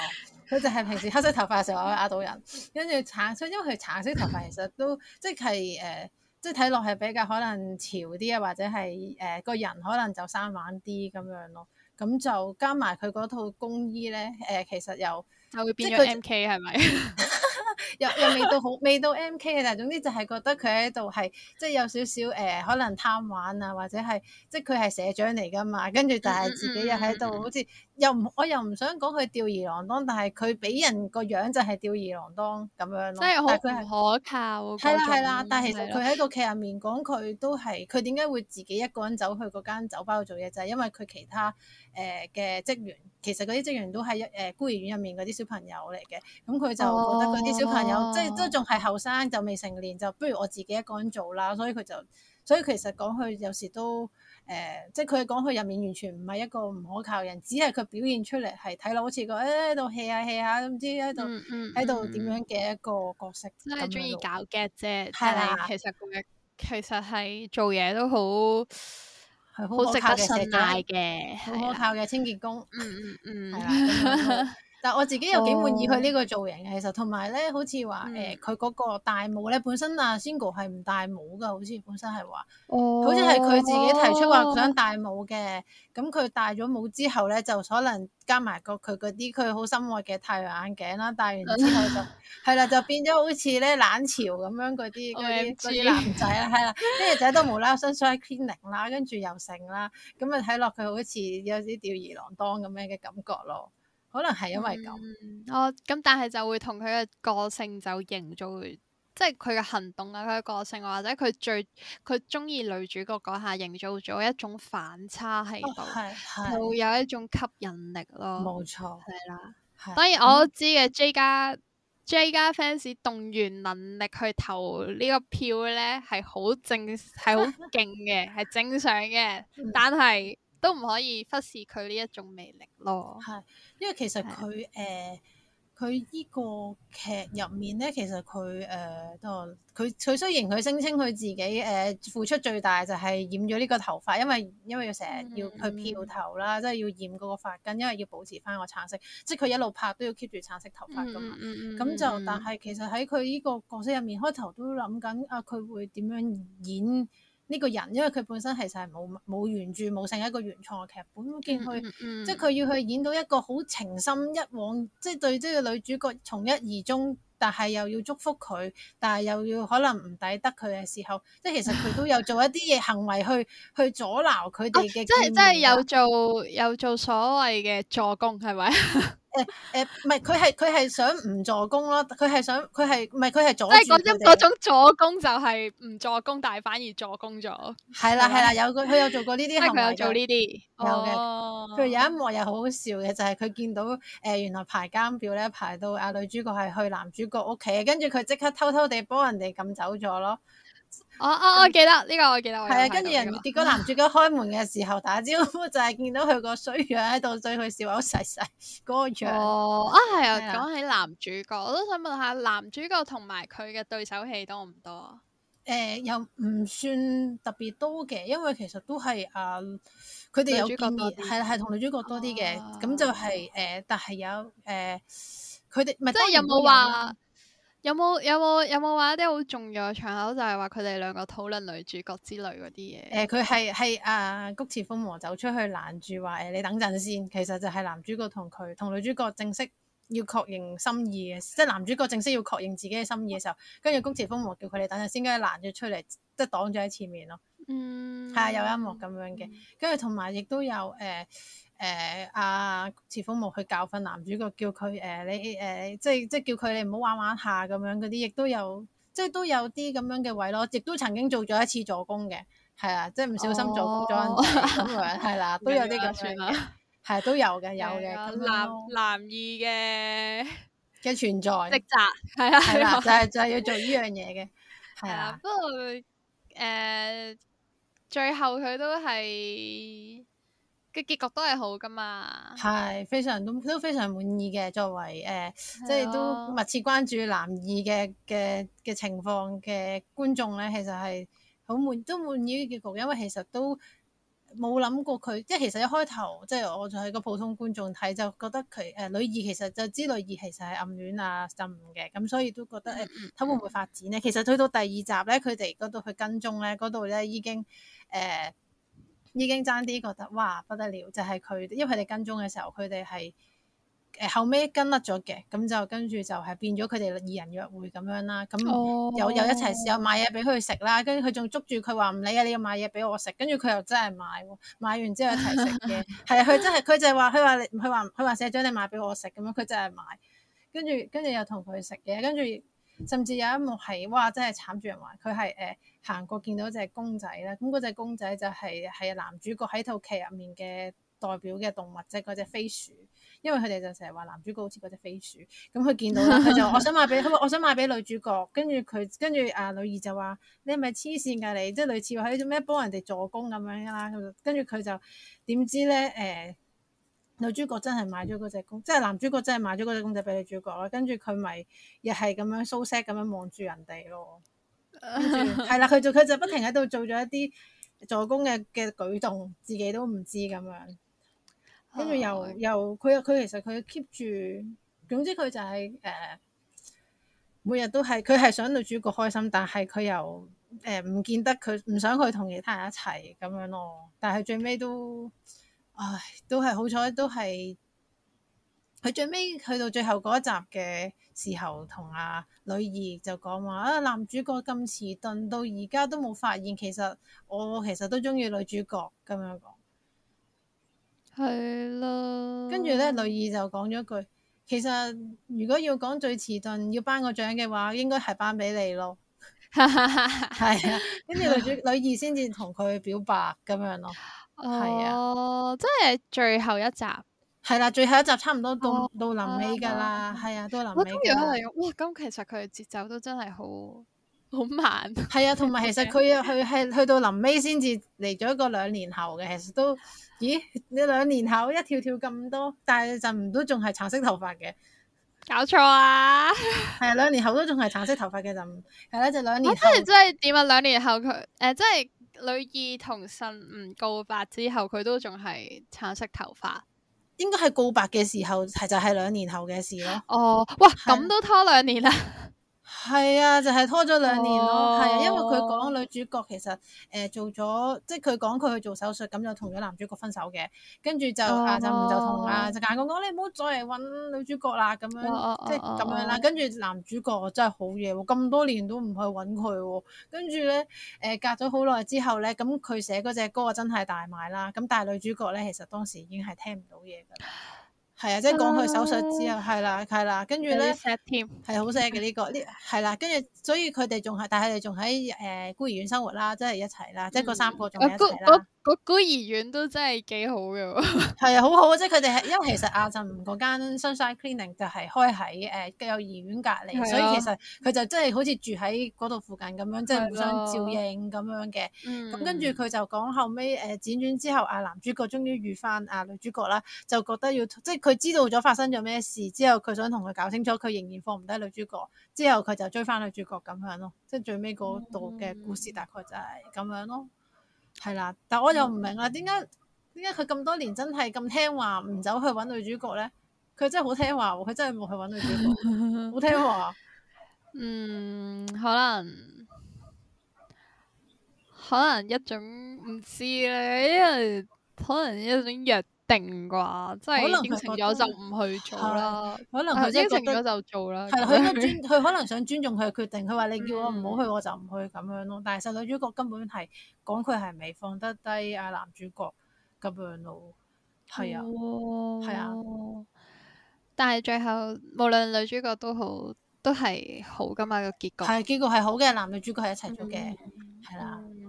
佢就係平時黑色頭髮嘅時候，佢呃到人，跟住 橙，色，因為佢橙色頭髮其實都即係誒。就係呃即係睇落係比較可能潮啲啊，或者係誒、呃、個人可能就生玩啲咁樣咯。咁就加埋佢嗰套工衣咧，誒、呃、其實又又會變咗 MK 係咪？是不是 又又未到好，未到 MK 嘅，但係總之就係覺得佢喺度係即係有少少誒，可能貪玩啊，或者係即係佢係社長嚟噶嘛，跟住就係自己又喺度、嗯嗯、好似。又唔，我又唔想講佢吊兒郎當，但係佢俾人個樣就係吊兒郎當咁樣咯。即係佢唔可靠。係啦係啦，但係其實佢喺個劇入面講，佢都係佢點解會自己一個人走去嗰間酒吧度做嘢，就係、是、因為佢其他誒嘅、呃、職員，其實嗰啲職員都係一、呃、孤兒院入面嗰啲小朋友嚟嘅。咁、嗯、佢就覺得嗰啲小朋友、哦、即係都仲係後生，就未成年，就不如我自己一個人做啦。所以佢就，就，所以其實講佢有時都。誒、呃，即係佢講佢入面完全唔係一個唔可靠人，只係佢表現出嚟係睇落好似個誒，喺、欸、度戲下戲下，唔知喺度喺度點樣嘅一個角色，真係中意搞嘅啫。係、嗯、啦，其實佢嘅、啊、其實係做嘢都好係好適合世界嘅，好可靠嘅清潔工。嗯嗯嗯。 我自己又幾滿意佢呢個造型嘅，其實同埋咧，好似話誒，佢、欸、嗰個戴帽咧，本身啊 Shingo 係唔戴帽嘅，好似本身係話，oh. 好似係佢自己提出話想戴帽嘅。咁佢戴咗帽之後咧，就可能加埋個佢嗰啲佢好深愛嘅太陽眼鏡啦，戴完之後就係啦， 就變咗好似咧冷潮咁樣嗰啲嗰啲男仔啦，係啦， 啲男仔都冇啦啦身穿 cleaning 啦，跟住又成啦，咁啊睇落佢好似有啲吊兒郎當咁樣嘅感覺咯。可能係因為咁，我咁、嗯哦、但係就會同佢嘅個性就營造，即係佢嘅行動啊，佢嘅個性或者佢最佢中意女主角嗰下營造咗一種反差喺度，哦、就會有一種吸引力咯。冇錯，係啦。係、當然我都知嘅、嗯、J 家 J 家 fans 動員能力去投呢個票咧，係好正，係好勁嘅，係正常嘅，嗯、但係。都唔可以忽視佢呢一種魅力咯。係，因為其實佢誒，佢依個劇入面咧，其實佢誒，當佢佢雖然佢聲稱佢自己誒、呃、付出最大就係染咗呢個頭髮，因為因為要成日要去漂頭啦，即係、嗯、要染嗰個髮根，因為要保持翻個橙色，即係佢一路拍都要 keep 住橙色頭髮噶嘛。咁、嗯嗯嗯、就但係其實喺佢依個角色入面，開頭都諗緊啊，佢會點樣演？呢個人，因為佢本身其實係冇冇原著冇成一個原創嘅劇本見，見佢、嗯嗯、即係佢要去演到一個好情深一往，即係對即係女主角從一而終，但係又要祝福佢，但係又要可能唔抵得佢嘅時候，即係其實佢都有做一啲嘢行為去 去，去阻撓佢哋嘅，即係、啊、即係有做有做所謂嘅助攻係咪？ 誒唔係，佢係佢係想唔助攻咯，佢係想佢係唔係佢係阻止。即係嗰種嗰種助攻就係唔助攻，但係反而助攻咗。係啦係啦，有 佢有做過呢啲，係佢有做呢啲，有嘅。佢有一幕又好好笑嘅，就係佢見到誒、呃，原來排監表咧排到阿女主角係去男主角屋企，跟住佢即刻偷偷地幫人哋撳走咗咯。我我我記得呢個我記得係啊，跟住人結果男主角開門嘅時候打招呼，就係見到佢個衰樣喺度對佢笑，口細細嗰個樣。哦，啊係啊，講起男主角，我都想問下男主角同埋佢嘅對手戲多唔多？誒，又唔算特別多嘅，因為其實都係啊，佢哋有見面係係同女主角多啲嘅，咁就係誒，但係有誒，佢哋咪即係有冇話？有冇有冇有冇玩一啲好重要嘅場口？就係話佢哋兩個討論女主角之類嗰啲嘢。誒、呃，佢係係阿菊池風磨走出去攔住話，誒、哎，你等陣先。其實就係男主角同佢同女主角正式要確認心意嘅，即係男主角正式要確認自己嘅心意嘅時候，跟、嗯、住菊池風磨叫佢哋等陣先，跟住攔咗出嚟，即係擋咗喺前面咯。嗯。係啊，有一幕咁樣嘅，跟住同埋亦都有誒。呃誒，阿、啊、慈風磨去教訓男主角，叫佢誒，你、呃、誒、呃，即係即係叫佢你唔好玩玩下咁樣嗰啲，亦都有，即係都有啲咁樣嘅位咯，亦都曾經做咗一次助攻嘅，係啊，即係唔小心助攻咗人哋咁樣，係啦、哦，都的有啲咁算嘅，係都有嘅， 有嘅男男二嘅嘅存在職責，係啊，係啦，就係、是、就係、是、要做呢樣嘢嘅，係啊 的，不過誒最後佢都係。 嘅結局都係好噶嘛，係非常都都非常滿意嘅。作為誒，呃、的即係都密切關注男二嘅嘅嘅情況嘅觀眾咧，其實係好滿意都滿意呢結局，因為其實都冇諗過佢，即係其實一開頭即係我就係個普通觀眾睇就覺得佢誒、呃、女二其實就知女二其實係暗戀啊浸嘅，咁、嗯嗯、所以都覺得誒，佢、呃、會唔會發展咧？嗯、其實推到第二集咧，佢哋嗰度去跟蹤咧，嗰度咧已經誒。呃嗯嗯嗯已經爭啲覺得哇不得了，就係、是、佢，因為佢哋跟蹤嘅時候，佢哋係誒後尾跟甩咗嘅，咁就跟住就係變咗佢哋二人約會咁樣啦。咁又又一齊又買嘢俾佢食啦，跟住佢仲捉住佢話唔理啊，你要買嘢俾我食。跟住佢又真係買喎，買完之後一齊食嘅。係啊， 佢真係佢就係話佢話你佢話佢話寫咗你買俾我食咁樣，佢真係買。跟住跟住又同佢食嘢，跟住甚至有一幕係哇真係慘住人話，佢係誒。呃行過見到隻公仔啦。咁嗰隻公仔就係、是、係男主角喺套劇入面嘅代表嘅動物，即係嗰隻飛鼠，因為佢哋就成日話男主角好似嗰隻飛鼠，咁、嗯、佢見到咧，佢就 我想買俾佢，我想買俾女主角，跟住佢跟住啊女二就話你係咪黐線㗎你？即係類似話你做咩幫人哋助攻咁樣啦，跟住佢就點知咧誒、呃，女主角真係買咗嗰隻公，即係男主角真係買咗嗰隻公仔俾女主角啦，跟住佢咪又係咁樣 so sad 咁樣望住人哋咯。跟住係啦，佢做佢就不停喺度做咗一啲助攻嘅嘅舉動，自己都唔知咁樣。跟住又又佢佢其實佢 keep 住，總之佢就係、是、誒、呃，每日都係佢係想女主角開心，但係佢又誒唔、呃、見得佢唔想佢同其他人一齊咁樣咯。但係最尾都，唉，都係好彩，都係佢最尾去到最後嗰一集嘅。時候同阿女二就講話啊，男主角咁遲鈍到而家都冇發現，其實我其實都中意女主角咁樣講。係咯的。跟住咧，女二就講咗一句，其實如果要講最遲鈍要頒個獎嘅話，應該係頒俾你咯。係啊， 跟住女主 女二先至同佢表白咁樣咯。啊、呃，即係最後一集。係啦，最後一集差唔多到、哦、到臨尾噶啦，係啊，到臨尾。咁咁其實佢嘅節奏都真係好好慢。係啊，同埋其實佢去係 去，去到臨尾先至嚟咗個兩年後嘅，其實都咦？你兩年後一跳跳咁多，但係就唔都仲係橙色頭髮嘅。搞錯錯啊！係 兩年後都仲係橙色頭髮嘅就，係啦，就兩、是、年後。咁即係點啊？兩年後佢誒，即、呃、係女二同慎吾告白之後，佢都仲係橙色頭髮。應該係告白嘅時候，係就係兩年後嘅事咯。哦，哇，咁都拖兩年啦！ 係啊，就係、是、拖咗兩年咯，係、oh, 啊，因為佢講女主角其實誒、呃、做咗，即係佢講佢去做手術，咁就同咗男主角分手嘅，跟住就啊、oh, 就啊、uh, 就同啊就硬講講你唔好再嚟搵女主角啦，咁樣即係咁樣啦。跟住男主角真係好嘢喎，咁多年都唔去搵佢喎。跟住咧，誒、呃、隔咗好耐之後咧，咁佢寫嗰隻歌真係大賣啦。咁但係女主角咧，其實當時已經係聽唔到嘢噶啦。係啊，即係講佢手術之後，係啦，係啦，跟住呢，係好細嘅呢個，呢係啦，跟住所以佢哋仲係，但係佢哋仲喺誒孤兒院生活啦，即係一齊啦，即係嗰三個仲一齊啦。個孤兒院都真係幾好嘅，係啊， 好好啊！即係佢哋係，因為其實阿陳嗰間 Sunshine Cleaning 就係開喺誒幼兒園隔籬，所以其實佢就真係好似住喺嗰度附近咁樣，即係互相照應咁樣嘅。咁、 嗯、跟住佢就講後尾誒，輾、呃、轉之後，阿男主角終於遇翻阿女主角啦，就覺得要即係佢知道咗發生咗咩事之後，佢想同佢搞清楚，佢仍然放唔低女主角，之後佢就追翻女主角咁樣，樣咯，即係最尾嗰度嘅故事大概就係咁樣咯，嗯。嗯係啦，但我又唔明啦，點解點解佢咁多年真係咁聽話，唔走去揾女主角咧？佢真係好聽話喎、哦，佢真係冇去揾女主角，好 聽話、啊。嗯，可能可能一種唔知咧，因為可能一種弱。定啩，即係可能應承咗就唔去做啦。可能佢即係應承咗就做啦。係啦，佢應該尊，佢可能想尊重佢嘅決定。佢話你叫我唔好去，嗯、我就唔去咁樣咯。但係實女主角根本係講佢係未放得低阿男主角咁樣咯。係啊，係啊、哦。的但係最後，無論女主角都好，都係好噶嘛個結局。係結局係好嘅，男女主角係一齊做嘅，係啦、嗯。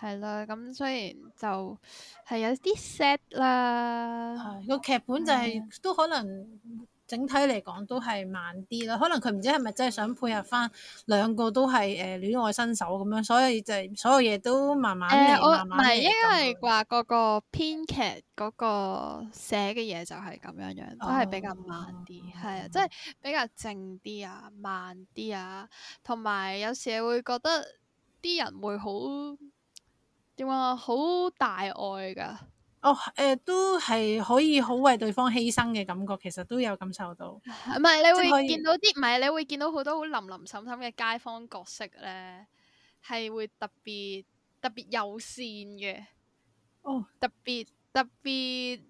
係啦，咁雖然就係有啲 sad 啦。係、啊那個劇本就係、是嗯、都可能整體嚟講都係慢啲咯。可能佢唔知係咪真係想配合返兩個都係誒戀愛新手咁樣，所以就係所有嘢都慢慢嚟，呃、我慢慢嚟咁。唔係應該係話嗰個編劇嗰個寫嘅嘢就係咁樣樣，嗯、都係比較慢啲。係啊，即係、就是、比較靜啲啊，慢啲啊，同埋有時會覺得啲人會好。點話好大愛噶？哦，誒、呃，都係可以好為對方犧牲嘅感覺，其實都有感受到。唔係，你會見到啲，唔係你會見到好多好林林沈沈嘅街坊角色咧，係會特別特別友善嘅。哦，特別特別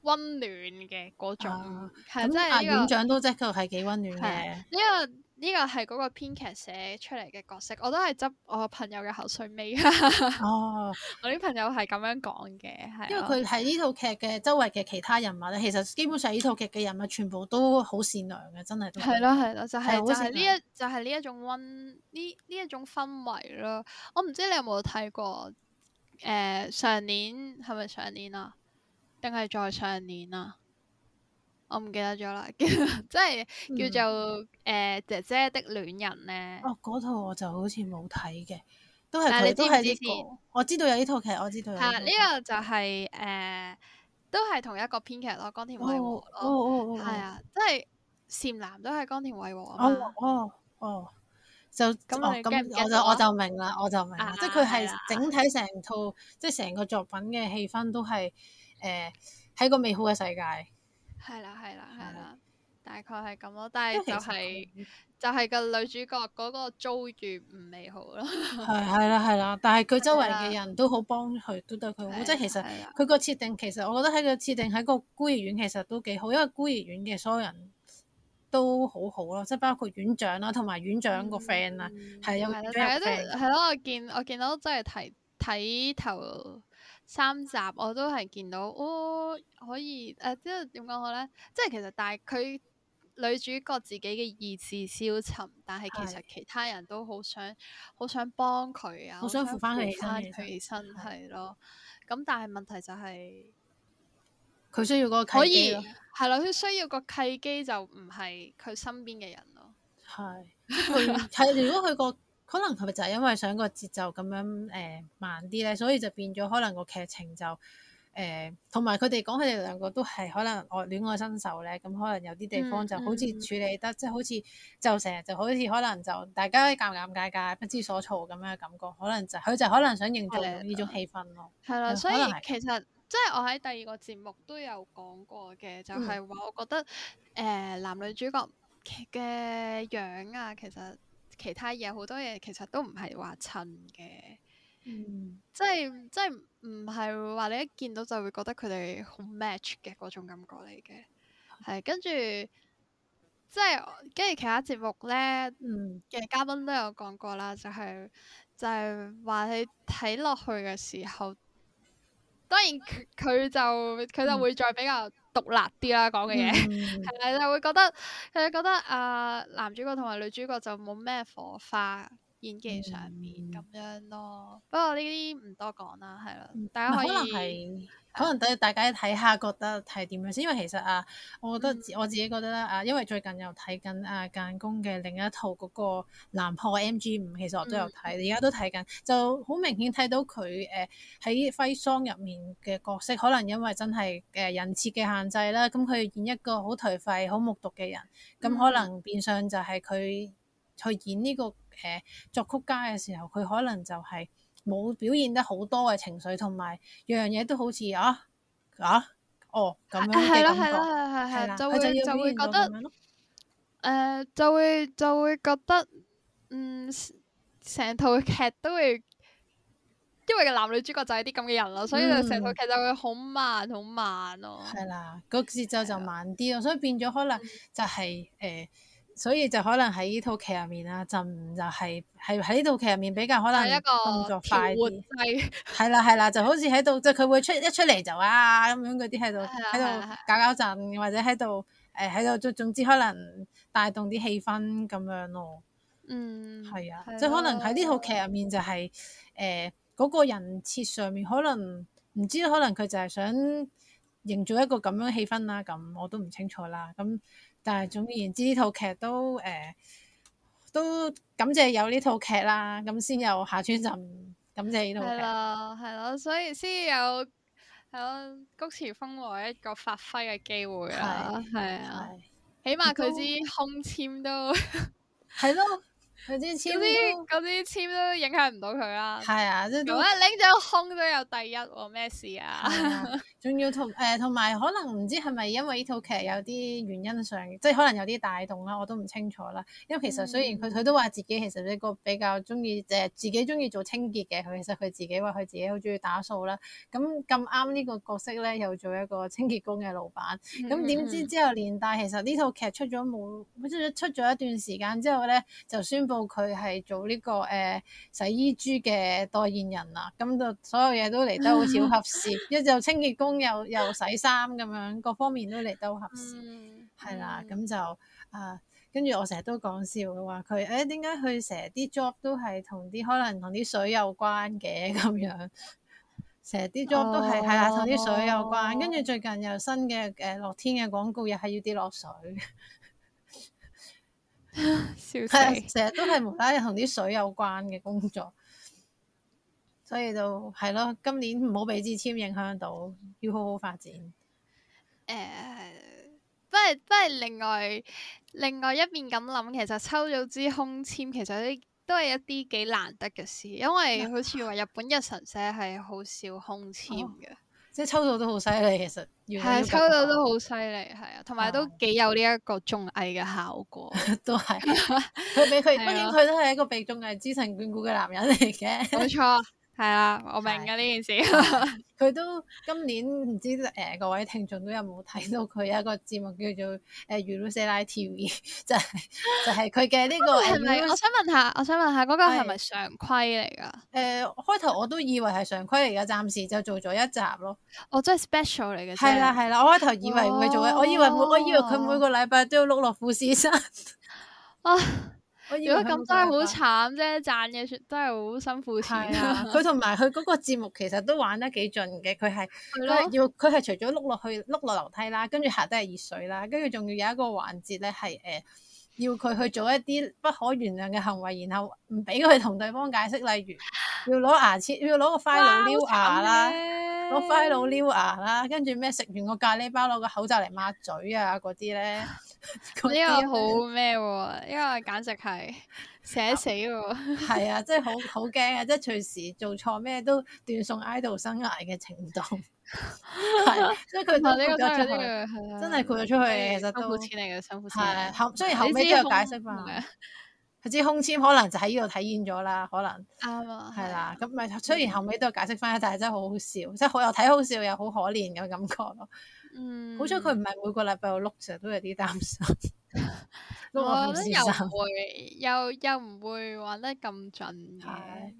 溫暖嘅嗰種。即阿院長都即係係幾溫暖嘅呢個。啊呢個係嗰個編劇寫出嚟嘅角色，我都係執我朋友嘅口水尾 哦， 我啲朋友係咁樣講嘅，係因為佢喺呢套劇嘅周圍嘅其他人物咧，其實基本上呢套劇嘅人物全部都好善良嘅，真係。係咯係咯，就係、係、就係呢一就係、係、呢一種溫呢呢一種氛圍咯。我唔知你有冇睇過？誒、呃，上年係咪上年啊？定係再上年啊？我唔記得咗啦，叫即係叫做誒、嗯呃、姐姐的戀人咧。哦，嗰套我就好似冇睇嘅，都係佢都係呢、這個。我知道有呢套劇，我知道有呢套劇。係啊，呢、這個就係、是、誒、呃，都係同一個編劇咯，江田惠和哦哦哦，係、哦、啊，即係禪南都係江田惠和哦。哦哦,哦就咁、哦，我咁我就我就明啦，我就明啦。即係佢係整體成套，即係成個作品嘅氣氛都係誒喺個美好嘅世界。係最多一啦，係啦，係啦，大概係咁咯。但係就係、是、就係、是、個女主角嗰個遭遇唔美好咯。係係啦，係啦。但係佢周圍嘅人都好幫佢，都對佢好。即係其實佢個設定，其實我覺得喺個設定喺個孤兒院，其實都幾好，因為孤兒院嘅所有人都好好咯。即係包括院長，院長、嗯、啦，同埋院長個 friend 啊，係、欸、有。係咯，我見我見，我見到真係睇睇頭。三集我都係見到，哦可以誒、啊，即係點講好咧？即係其實，但係佢女主角自己嘅意志消沉，但係其實其他人都好想好的想幫佢啊，好想扶翻佢起身、啊，係咯、啊。咁的但係問題就係、是、佢需要嗰個契機咯、啊，係啦，佢需要個契機就唔係佢身邊嘅人咯，係佢係如果佢、那個。可能係咪就係因為想個節奏咁樣誒、呃、慢啲咧，所以就變咗可能個劇情就誒，同埋佢哋講佢哋兩個都係可能愛戀愛新手咧，咁可能有啲地方就好似處理得即係、嗯嗯、好似就成日就好似可能就大家尷唔尷尬架，不知所措咁樣嘅感覺，可能就佢就可能想營造呢種氣氛咯。係啦、嗯，嗯、所以其實即係我喺第二個節目都有講過嘅，就係、是、話我覺得誒、呃、男女主角嘅樣啊，其實。其他嘢好多嘢其實都唔係話襯嘅，即係即係唔係話你一見到就會覺得佢哋好 match 嘅嗰種感覺嚟嘅。係跟住，即係跟住其他節目咧嘅、嗯、嘉賓都有講過啦，就係就係話你睇落去嘅時候。.當然佢就佢就會再比較獨立啲啦，講嘅嘢係係就會覺得佢就覺得啊、呃、男主角同埋女主角就冇咩火花。演技上面咁樣咯，嗯、不過呢啲唔多講啦，係咯，大家可以、嗯、可能等大家睇下，覺得係點樣先？因為其實啊，我覺得、嗯、我自己覺得咧啊，因為最近又睇緊啊間宮嘅另一套嗰、個《南破 M G 五》，其實我有、嗯、都有睇，而家都睇緊，就好明顯睇到佢誒喺《Fight Song》入面嘅角色，可能因為真係嘅人設嘅限制啦，咁佢演一個好頹廢、好木獨嘅人，咁可能變相就係佢去演呢、個。誒作曲家嘅時候，佢可能就係冇表現得好多嘅情緒，同埋樣樣嘢都好似啊啊哦咁樣嘅感覺。係啦係啦係係就會就，就會覺得誒、呃，就會就會覺得嗯，成套劇都會因為個男女主角就係啲咁嘅人啦，所以就成套劇就會好慢好、嗯、慢咯、啊。係啦，個節奏就慢啲咯，了所以變咗可能就係、是、誒。呃所以就可能喺呢套劇入面啦，就就係係喺呢套劇入面比較可能動作快一個活。 係啦係啦，就好似喺度，即係佢會出一出嚟，就啊咁樣嗰啲喺度喺度搞搞震，或者喺度誒喺度總之可能帶動啲氣氛咁樣咯。嗯，係啊的，即係的可能喺呢套劇入面就係誒嗰個人設上面可，可能唔知可能佢就係想營造一個咁樣嘅氣氛啦，咁我都唔清楚啦，咁。但係總言之劇，呢套劇都誒，都感謝有呢套劇啦，咁先有夏川慎吾，感謝呢套劇。係咯，係咯，所以先有係咯，菊池風磨一個發揮嘅機會啊，係啊，起碼佢支空簽都係咯，佢支簽，嗰支 簽都影響唔到佢啦。係啊，即係，如果拎張空都有第一，咩事啊？仲要同誒同埋可能唔知係咪因為呢套劇有啲原因上，即係可能有啲帶動啦，我都唔清楚啦。因為其實雖然佢佢都話自己其實呢個比較中意誒，自己中意做清潔嘅，佢其實佢自己話佢自己好中意打掃啦。咁咁啱呢個角色咧，又做一個清潔工嘅老闆，咁點知之後連帶其實呢套劇出咗冇出咗出咗一段時間之後咧，就宣佈佢係做呢、呢個誒、呃、洗衣珠嘅代言人啦。咁就所有嘢都嚟得好似好合適，一 就清潔工。又又洗衫咁樣，各方面都嚟得好合適，係啦、嗯。咁就啊，欸、跟住我成日都講笑嘅話佢，誒，點解佢成日啲 job 都係同啲可能同啲水有關嘅咁樣？成日啲 job 都係係啊，同啲、哦、水有關。跟住、哦、最近又有新嘅誒，樂、呃、天嘅廣告又係要啲落水，笑死！ 成日都係無啦啦同啲水有關嘅工作。所以就係咯，今年唔好俾支簽影響到，要好好發展。誒，不係不係，另外另外一邊咁諗，其實抽咗支空簽，其實都都係一啲幾難得嘅事，因為好似話日本日神社係好少空簽嘅，啊 oh，即係抽到都好犀利，其實。係啊，抽到都好犀利，係啊，同埋都幾有呢一個綜藝嘅效果， 都係是、啊。佢 俾畢竟佢都係一個被綜藝之神眷顧嘅男人嚟嘅。冇 錯。係啊，我明噶，呢件事。佢 都今年唔知誒、呃，各位聽眾都有冇睇到佢有一個節目叫做誒娛樂四仔 TV，就係就係佢嘅呢個。係咪、 啊？我想問下，我想問下，嗰、那個係咪常規嚟噶？誒、啊，開、呃、頭我都以為係常規嚟噶，暫時就做咗一集咯。我真係 special 嚟嘅。係啦係啦，我開頭以為會做嘅，哦、我以為每、哦、我以為佢每個禮拜都要碌落富士山啊。 如果咁真係好慘啫，賺嘢都係好辛苦錢啊！佢同埋佢嗰個節目其實都玩得幾盡嘅，佢係要佢係 除咗碌落去碌落樓梯啦，跟住下低係熱水啦，跟住仲要有一個環節咧係誒要佢去做一啲不可原諒嘅行為，然後唔俾佢同對方解釋，例如要攞牙齒，要攞個 file 撩牙啦，攞 file 撩牙啦，跟住咩食完個咖喱包攞個口罩嚟抹嘴啊嗰啲咧。 呢個好咩？呢個簡直係寫死。係啊，真係好好驚啊！即係隨時做錯咩都斷送 idol 生涯嘅程度，係，所以佢真係豁咗出去，真係豁咗出去。其實都好似嚟嘅，辛苦錢係，後雖然後尾都有解釋翻，佢知空簽可能就喺呢度體現咗啦，可能啱啊，係啦，咁咪雖然後尾都有解釋翻，但係真係好好笑，即係我又睇好笑又好可憐嘅感覺咯。嗯，好彩佢唔係每個禮拜我碌，成日都有啲擔心呵呵。我覺得又唔會，又又唔會玩得咁盡嘅，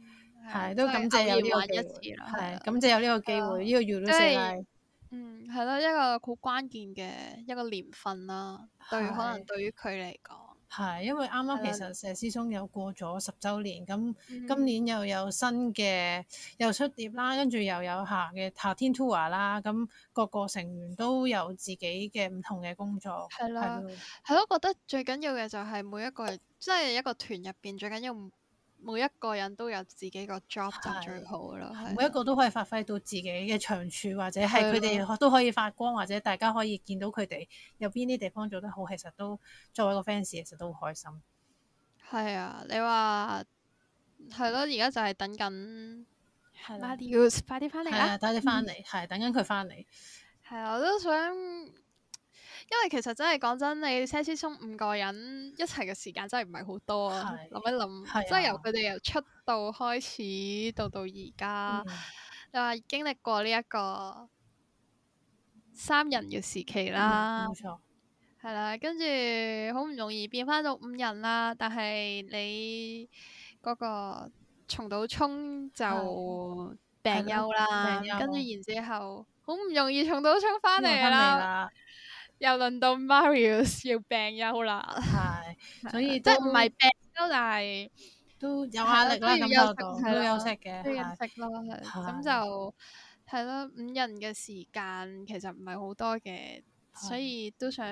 係對對都感謝有呢個一次啦，係感謝有呢個機會，呢對個 year 都算係，嗯係咯一個好關鍵嘅一個年份啦，對可能對於佢嚟講。係，因為啱啱其實謝師松又過咗十週年，咁今年又有新嘅、mm hmm. 又出碟啦，跟住又有行嘅《夏天 tour》啦，咁各個成員都有自己嘅唔同嘅工作。係啦、mm，係、hmm. 咯的，我覺得最緊要嘅就係每一個，即、就、係、是、一個團入邊最緊要。每一個人都有自己個 job 的就最好啦，每一個都可以發揮到自己嘅長處，或者係佢哋都可以發光，的或者大家可以見到佢哋有邊啲地方做得好，其實都作為一個 fans 其實都好開心。係啊，你話係咯，而家就係等緊<的 >Marius 快啲翻嚟啦，快啲翻嚟，係等緊佢翻嚟。係啊、嗯，我都想。因為其實真係講真，你 Sexy Zone 五個人一齊嘅時間真係唔係好多啊！諗是一諗，啊、即係由佢哋由出道開始到到而家，嗯、你話經歷過呢一個三人嘅時期啦，冇錯係啦，跟住好唔容易變翻到五人啦。但係你嗰個松島聰就病休啦，嗯嗯嗯嗯嗯、跟住然之後好唔容易松島聰翻嚟啦。又輪到 Marius 要病休啦，係，所以即係唔係病休，但係都有壓力咯，咁休息都休息嘅，都休息咯，咁就係咯，五人嘅時間其實唔係好多嘅，所以都想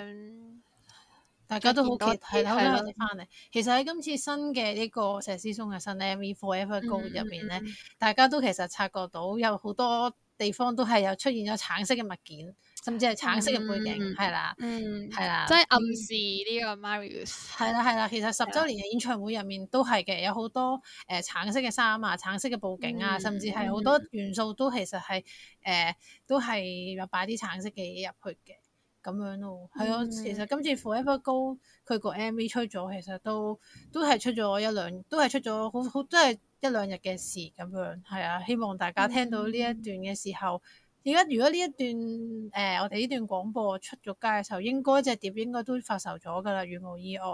大家都好期待，好想快啲返嚟。其實喺今次新嘅呢個 Sexy Zone 嘅新 MV Forever Gold 入面咧，大家都其實察覺到有好多，地方都係有出現咗橙色嘅物件，甚至係橙色嘅背景，係啦，係啦，即係暗示呢個 Marius，係啦係啦，其實十週年嘅演唱會入面都係嘅，有好多誒、呃、橙色嘅衫啊、橙色嘅布景啊，嗯、甚至係好多元素都其實係誒、呃、都係有擺啲橙色嘅嘢入去嘅咁樣咯。係咯、嗯，其實今次 Forever Go 佢個 MV 出咗，其實都都係出咗一兩，都係出咗好好，都係。都一兩日嘅事咁樣，係啊，希望大家聽到呢一段嘅時候，而家、嗯、如果呢一段誒、呃，我哋呢段廣播出咗街嘅時候，應該隻碟應該都發售咗噶啦，如無意外，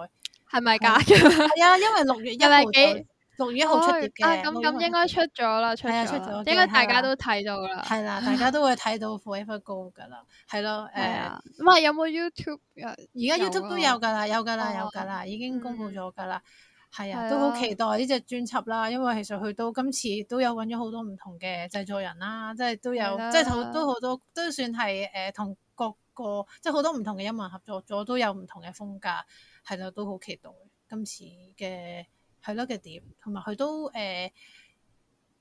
係咪假咗？係啊、嗯，因為六月一號左，六月一號出碟嘅，咁咁應該出咗啦，出咗，哎、出應該大家都睇到噶啦，係啦，大家都會睇到《Forever Go》噶啦、啊，係咯， 誒，唔 係有冇 YouTube？而家 YouTube 都有噶啦，有噶啦，有噶啦，已經公布咗噶啦。嗯係啊，都好期待呢隻專輯啦，因為其實佢到今次都有揾咗好多唔同嘅製作人啦，即係都有，的即係好都好多都算係誒同各個即係好多唔同嘅音樂合作咗，都有唔同嘅風格，係咯，都好期待今次嘅係咯嘅點，同埋佢都誒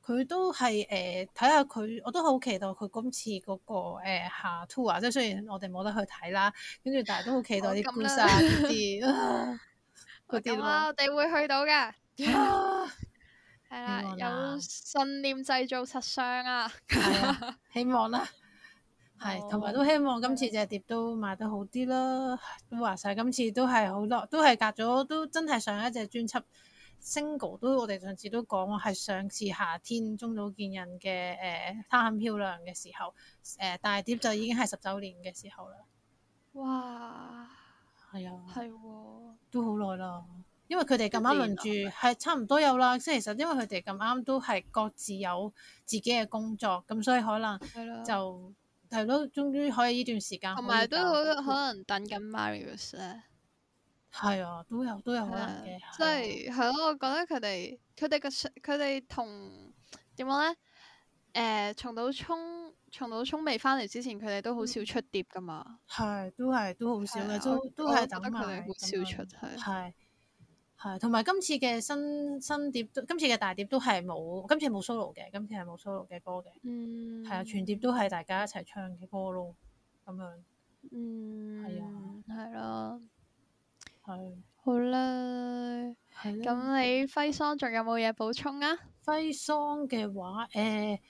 佢、呃、都係誒睇下佢，我都好期待佢今次嗰、那個誒、呃、下 tour 即係雖然我哋冇得去睇啦，跟住但係都好期待啲歌星啲。 咁啊，我哋會去到嘅，係、啊 啊、啦，有信念製造實相啊，希望啦，係、 啊，同埋都希望今次隻碟都賣得好啲啦！話晒，今次都係好多，都係隔咗，都真係上一隻專輯 single 都，我哋上次都講話係上次夏天中島健人嘅誒《她很漂亮》嘅時，時候，誒、呃、大碟就已經係十九年嘅時候啦。哇！係啊，係、哎、的都好耐啦。因為佢哋咁啱輪住，係差唔多有啦。即係其實因為佢哋咁啱都係各自有自己嘅工作，咁所以可能就係咯，的終於可以呢段時間。同埋都可能等緊 Marius 咧。係啊，都有都有可能嘅。即係係咯，我覺得佢哋佢哋嘅佢哋同點講咧？誒，松島聰，松島聰未翻嚟之前，佢哋都好少出碟噶嘛。係、嗯，都係，都好少嘅，都都係覺得佢哋好少出。係係麼，同埋今次嘅新新碟，今次嘅大碟都係冇，今次冇 solo 嘅，今次係冇 solo 嘅歌嘅。嗯。係啊，全碟都係大家一齊唱嘅歌咯，咁樣。嗯。係啊，係咯、啊，係。好啦，咁你輝桑仲有冇嘢補充啊？輝桑嘅話，誒。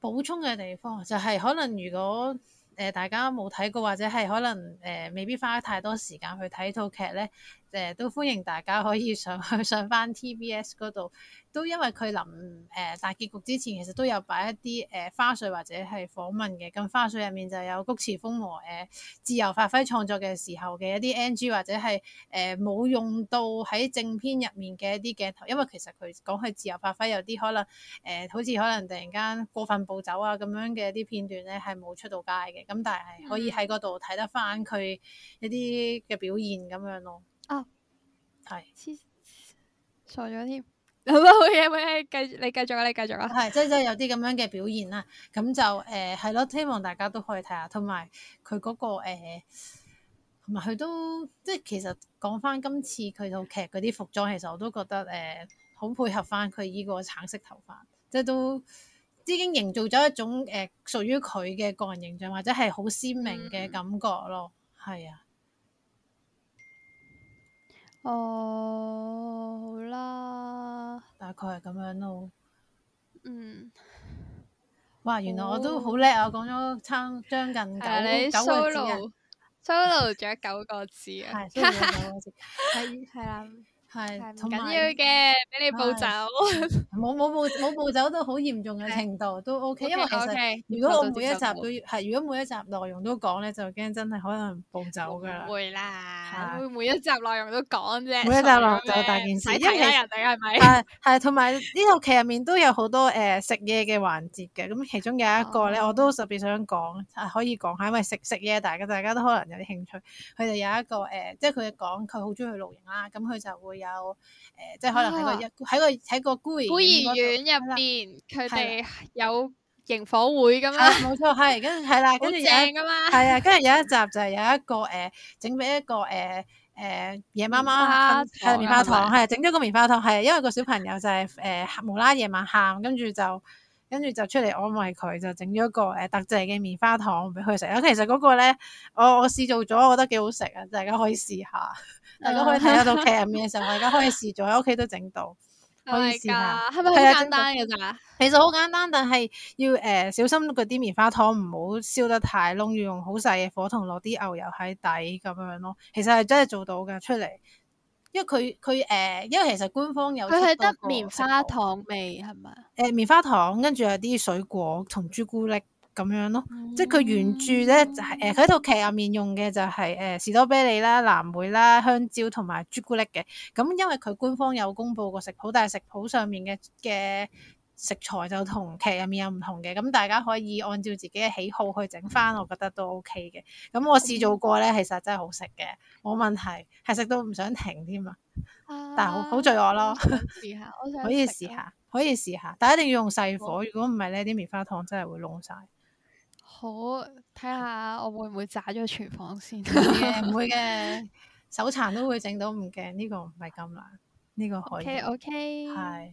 補充嘅地方就係可能，如果誒大家冇睇過，或者係可能誒未必花太多時間去睇套劇咧。誒都歡迎大家可以上去上翻 TBS 嗰度，都因為佢臨誒大、呃、結局之前，其實都有擺一啲誒、呃、花絮或者係訪問嘅。咁花絮入面就有菊池風磨和誒自由發揮創作嘅時候嘅一啲 N.G. 或者係誒冇用到喺正片入面嘅一啲鏡頭，因為其實佢講係自由發揮，有啲可能誒、呃、好似可能突然間過分暴走啊咁樣嘅一啲片段咧係冇出到街嘅。咁但係可以喺嗰度睇得翻佢一啲嘅表現咁樣咯。啊，係、oh, 是，錯咗添，好啦，好嘢，咪繼續，你繼續啊，你繼續啊，係，即係有啲咁樣嘅表現啦，咁就誒係咯，希望大家都可以睇下，同埋佢嗰個誒，同埋佢都即係其實講翻今次佢套劇嗰啲服裝，其實我都覺得誒好、呃、配合翻佢呢個橙色頭髮，即、就、係、是、都已經營造咗一種誒屬於佢嘅個人形象，或者係好鮮明嘅感覺咯，係啊、嗯。哦，好啦，大概係咁樣咯。嗯。Mm. 哇！Oh. 原來我都好叻啊，講咗差唔多將近九、uh, you solo, 九個字啊。solo，solo 咗九個字係係啦。係，緊要嘅，俾你暴走，冇冇暴冇暴走都好嚴重嘅程度， 都 O OK , K，因為其實如果我每一集都，要錯，係如果每一集內容都講咧，就驚真係可能暴走噶啦，會啦，會、啊、每一集內容都講啫，每一集內容就大件事，因為人哋係咪？係係，同埋呢套劇入面都有好多誒、呃、食嘢嘅環節嘅，咁其中有一個咧，我都特別想講、啊，可以講下，因為食食嘢，大家大家都可能有啲興趣，佢哋有一個誒，即係佢講佢好中意去露營啦，咁佢就會有。有誒、呃，即係可能喺個喺、啊、個喺個孤兒孤兒院入邊，佢哋啦有營火會咁啊，冇錯，係跟係啦，跟住 嘛。係啊，跟住有一集就係有一個誒，整、呃、俾一個誒誒、呃、夜媽媽啊，誒棉花糖，係整咗個棉花糖，係對因為個小朋友就係、是、誒、欸、無啦夜晚喊，跟住就跟住就出嚟安慰佢，就整咗個誒特製嘅棉花糖俾佢食。咁其實嗰個咧，我我試，呢我試做咗，我覺得幾好食啊，大家可以試下。大家可以睇得到劇入面嘅時候，我而家可以試做喺屋企都整到。可以試下。係咪好簡單嘅咋啊？其實好簡單，但係要誒、呃、小心嗰啲棉花糖唔好燒得太燶，要用好細嘅火同落啲牛油喺底咁樣咯。其實係真係做到㗎出嚟，因為佢佢誒，因為其實官方有佢係得棉花糖味係咪？誒物、呃，棉花糖跟住有啲水果同朱古力。咁樣咯，嗯、即係佢原著咧就係誒，佢喺套劇入面用嘅就係、是、誒、呃、士多啤梨啦、藍莓啦、香蕉同埋朱古力嘅。咁、嗯、因為佢官方有公布過食譜，但係食譜上面嘅嘅食材就同劇入面有唔同嘅。咁、嗯、大家可以按照自己嘅喜好去整翻，我覺得都 O K 嘅。咁、嗯嗯嗯、我試做過咧，其實真係好食嘅，冇問題，係食到唔想停添啊！但係好好罪惡咯， 試下，可以試下，可以試下，但係一定要用細火，如果唔係呢啲棉花糖真係會燶晒。好，睇下我會唔會炸咗廚房先？唔 會嘅， 手殘都會整到唔驚，呢、這個唔係咁難，呢、這個可以。OK，OK，Okay, okay. 係是。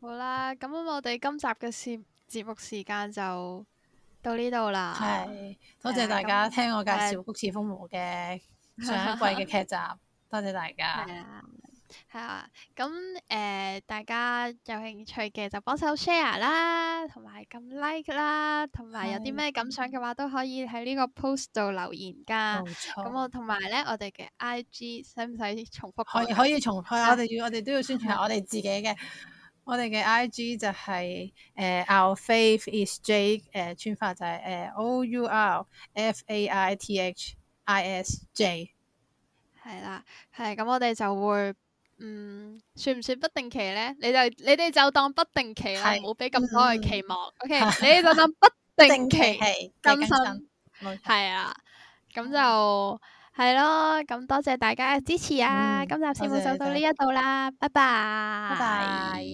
好啦，咁我哋今集嘅時節目時間就到呢度啦。係，多謝大家聽我介紹《菊池風磨》嘅上一季嘅劇集， 多謝大家。係啊，咁誒、呃，大家有興趣嘅就幫手 share 啦，同埋撳 like 啦，同埋有啲咩感想嘅話都可以喺呢個 post 度留言噶。咁冇錯。我同埋咧，我哋嘅 IG 使唔使重複、嗰個可？可以重複啊！我哋我哋都要宣傳下我哋自己嘅。 我哋嘅 IG 就係、是、誒、呃、，Our faith is Jake,、呃、J。a 誒、啊，串法就係誒，O U R F A I T H I S J。係啦，係咁，我哋就會。嗯，算唔算不定期咧？你就你哋就當不定期啦，唔好俾咁多嘅期望。OK，你哋就當不定期， 不定期更新，係啊，咁就係咯。咁、嗯、多謝大家嘅支持啊！嗯、今集節目就到呢一度啦，拜拜。拜，拜。